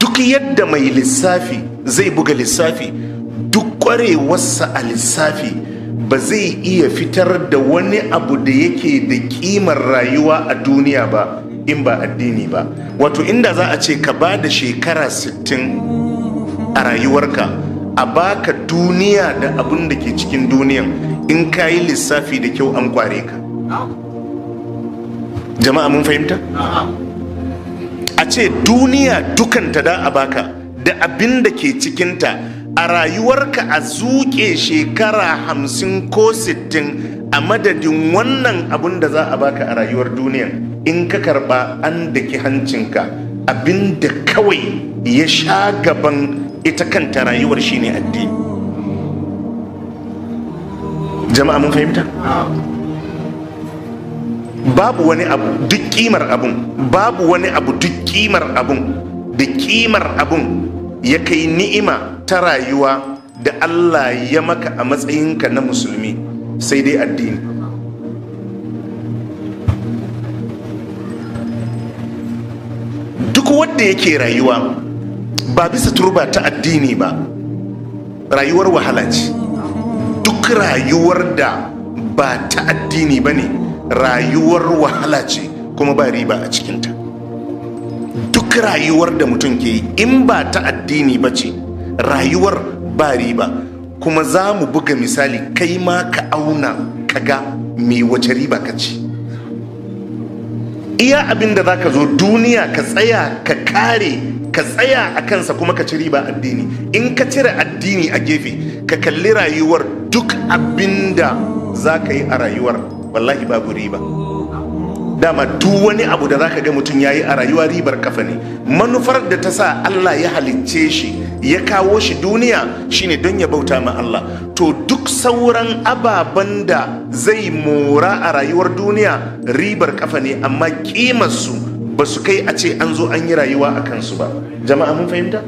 duk yadda mai lissafi zai buga lissafi duk kwarewarsa a lissafi ba zai iya fitar da wani abu da yake da kimar rayuwa a duniya ba in ba addini ba wato inda za a ce ka ba da shekara 60 a rayuwarka a baka duniya da abin da ke cikin duniyan in ka yi lissafi da kyau an kware ka jama'a mun fahimta? ce duniya dukanta da a baka da abin da ke cikinta a rayuwarka a zuƙe shekara hamsin ko sittin a madadin wannan abin da za a baka a rayuwar duniya, in ka karɓa an daki hancinka abin da kawai ya sha gaban ita kanta rayuwar shine addini jama'a mun fahimta? babu wani abu duk kimar abun babu wani abu duk kimar abun da kimar abun ya kai ni'ima ta rayuwa da Allah ya maka a matsayinka na musulmi sai dai addini duk wanda yake rayuwa ba bisa turba ta addini ba rayuwar wahala ce duk rayuwar da ba ta addini ba ne rayuwar wahala ce kuma ba riba a cikinta duk rayuwar da mutum ke yi in ba ta addini ba ce rayuwar ba riba kuma za mu buga misali kai ma ka auna kaga ga me wace riba ka ci iya abin da za ka zo duniya ka tsaya ka kare ka tsaya a kansa kuma ka ci riba addini in ka cire addini a gefe ka kalli rayuwar duk abin da za ka yi a rayuwar wallahi babu riba dama duk wani abu da zaka ga mutum yayi a rayuwa ribar kafa ne manufar da ta sa Allah ya halicce shi ya kawo shi duniya shine don ya bauta ma Allah to duk sauran ababen da zai mora a rayuwar duniya ribar kafa ne amma kimar su ba su kai a ce an zo an yi rayuwa a kansu ba jama'a mun fahimta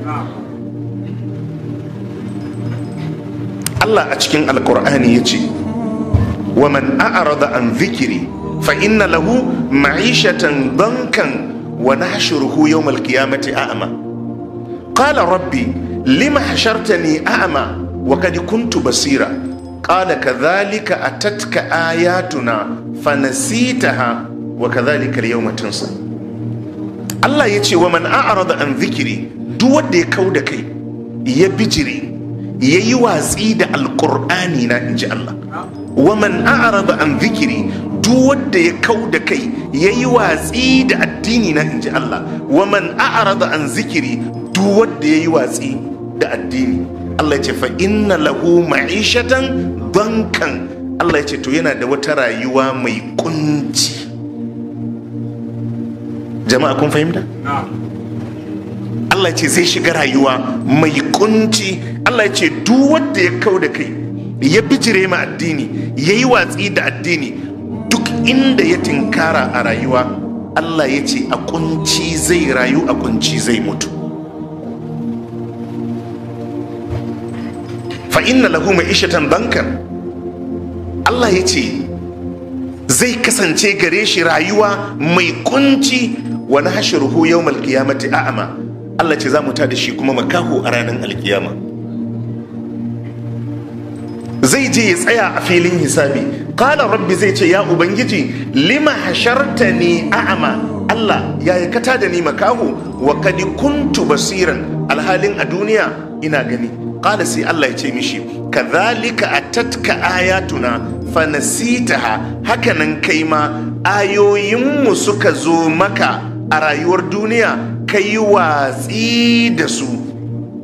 Allah a cikin alkur'ani ya ce wa man a'rada an dhikri fa inna lahu ma'ishatan dankan wa nahshuruhu yawm al-qiyamati a'ma qala rabbi lima hashartani a'ma wa qad kuntu basira qala kadhalika atatka ayatuna fanasitaha wa kadhalika al-yawma tunsa Allah yace wa man a'rada an zikiri duk wanda ya kauda kai ya bijire yayi watsi da alqur'ani na inji Allah waman a'rada an zikiri duk wanda ya kau da kai yayi watsi da addini na inji Allah waman a'rada an zikiri duk ya yayi watsi da addini Allah ya ce fa na lahu ma'ishatan bankan Allah ya ce to yana da wata rayuwa mai kunci jama'a kun fahimta Allah ya ce zai shiga rayuwa mai kunci Allah ya ce duk wanda ya kau da kai ya bijire ma addini ya yi watsi da addini duk inda ya tinkara a rayuwa allah ya ce a kunci zai rayu a kunci zai mutu fa'inna lahu mai ishatan bankan allah ya ce zai kasance gare shi rayuwa mai kunci wani hashiruhu yau malkiyamati a'ama allah ce za mu ta da shi kuma makaho a ranar alkiyama zai je ya tsaya a filin hisabi qala rabbi zai ce ya ubangiji lima hasharta hashartani a'ama Allah ya kata da ni makaho wa kadi kuntu basiran alhalin a duniya ina gani Ƙala sai Allah ya ce mishi kadhalika atatka ayatuna fanasitaha hakanan kai ma ayoyinmu suka zo maka a rayuwar duniya kai watsi da su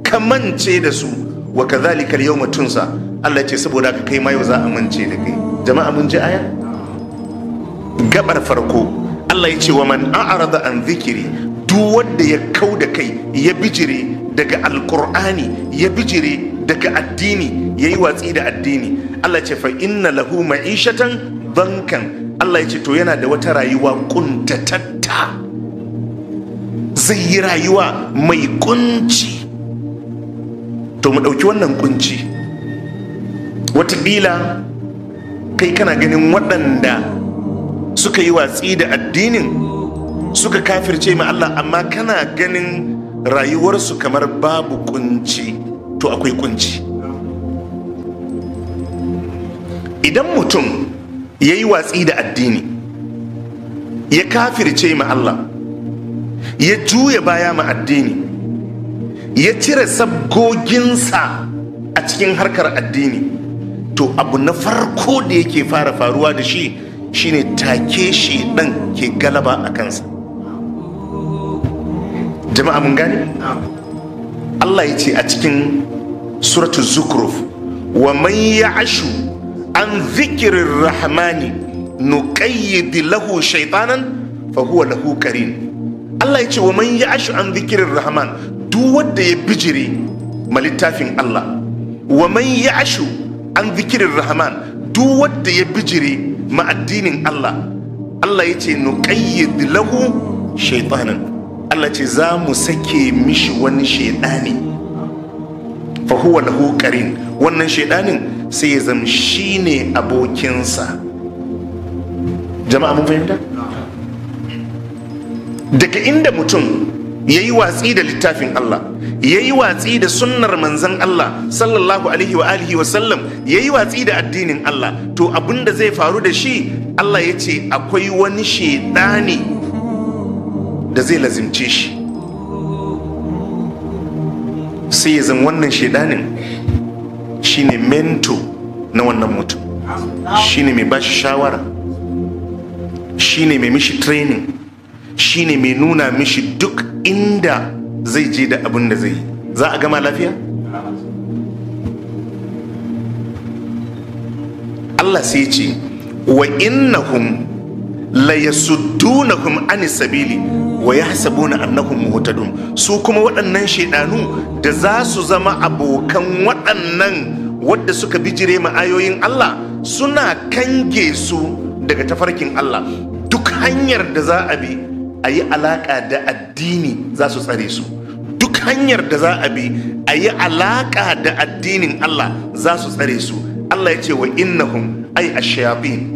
kamance da su wa kadhalika al-yawma tunsa Allah ce saboda ka kai ma za a mance da kai jama'a mun ji aya gabar farko Allah ya ce wa man a'rada an zikiri duk wanda ya kau da kai ya bijire daga alqur'ani ya bijire daga addini yayi watsi da addini Allah ce fa inna lahu ma'ishatan bankan Allah ya ce to yana da wata rayuwa kuntatatta zai yi rayuwa mai kunci to mu ɗauki wannan kunci watakila kai kana ganin waɗanda suka yi watsi da addinin suka kafirce ma Allah amma kana ganin rayuwarsu kamar babu kunci to akwai kunci idan mutum ya yi watsi da addini ya kafirce ma Allah ya juya baya ma addini ya cire sabgoginsa a cikin harkar addini to abu na farko da yake fara faruwa da shi shine take shi ɗan ke galaba a kansa jama'a mun gane Allah ya ce a cikin suratu zukruf wa man ya ashu an zikirin rahmani nuqayyid lahu shaiɗanan, fa huwa lahu karin Allah ya ce wa man ya ashu an zikirin rahman duk wanda ya bijire malittafin Allah wa man ya ashu an zikirin rahman duk wanda ya bijire ma addinin Allah Allah ya ce nuqayyid lahu shaytanan Allah ce za mu sake mishi wani shaidani fa huwa lahu qarin wannan shaidanin sai ya zama shine abokinsa jama'a mun fahimta daga inda mutum ya yi watsi da littafin Allah ya yi watsi da sunnar manzan Allah sallallahu alaihi wa alihi wa sallam ya yi watsi da addinin Allah to abin da zai faru da shi Allah ya ce akwai wani shaidani da zai lazimce shi sai ya zama wannan shaidanin shine mento na wannan mutum shine mai bashi shawara shine mai mishi training shine mai nuna mishi duk inda zai je da abin da zai yi za a gama lafiya Allah sai ce wa innahum la yasuddunahum ani sabili wa yahsabuna annahum muhtadun su kuma waɗannan shaidanu da za su zama abokan waɗannan wadda suka bijire ma'ayoyin ayoyin Allah suna kange su daga tafarkin Allah duk hanyar da za a bi a yi alaƙa da addini za su tsare su duk hanyar da za a bi a yi alaƙa da addinin Allah za su tsare su Allah ya ce wa innahum ai ashayatin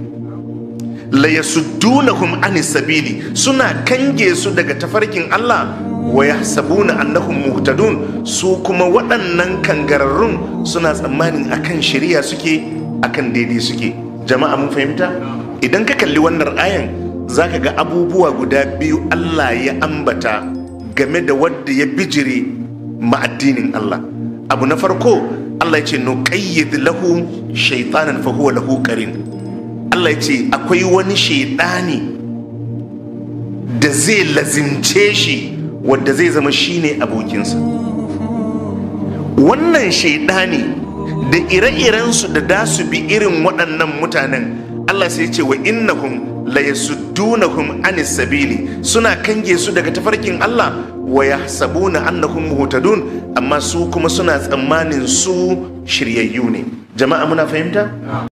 la yasuddunahum anis sabili suna kange su daga tafarkin Allah wa yahsabuna annahum muhtadun su kuma waɗannan kangararrun suna tsammanin akan shari'a suke akan daidai suke jama'a mun fahimta idan ka kalli wannan ayan Za ka ga abubuwa guda biyu Allah ya ambata game da wadda ya bijire ma'addinin Allah abu na farko Allah ya ce nuqayyid lahu shaytanan fa huwa lahu qarin Allah ya ce akwai wani shaidani da zai lazimce shi wadda zai zama shine abokinsa wannan shaidani da ire-irensu da dasu bi irin waɗannan mutanen Allah sai ce wa innahum la anisabili anis sabili suna kange su daga tafarkin Allah wa yahsabuna annahum muhtadun amma su kuma suna tsammanin su shiryayyu ne jama'a muna fahimta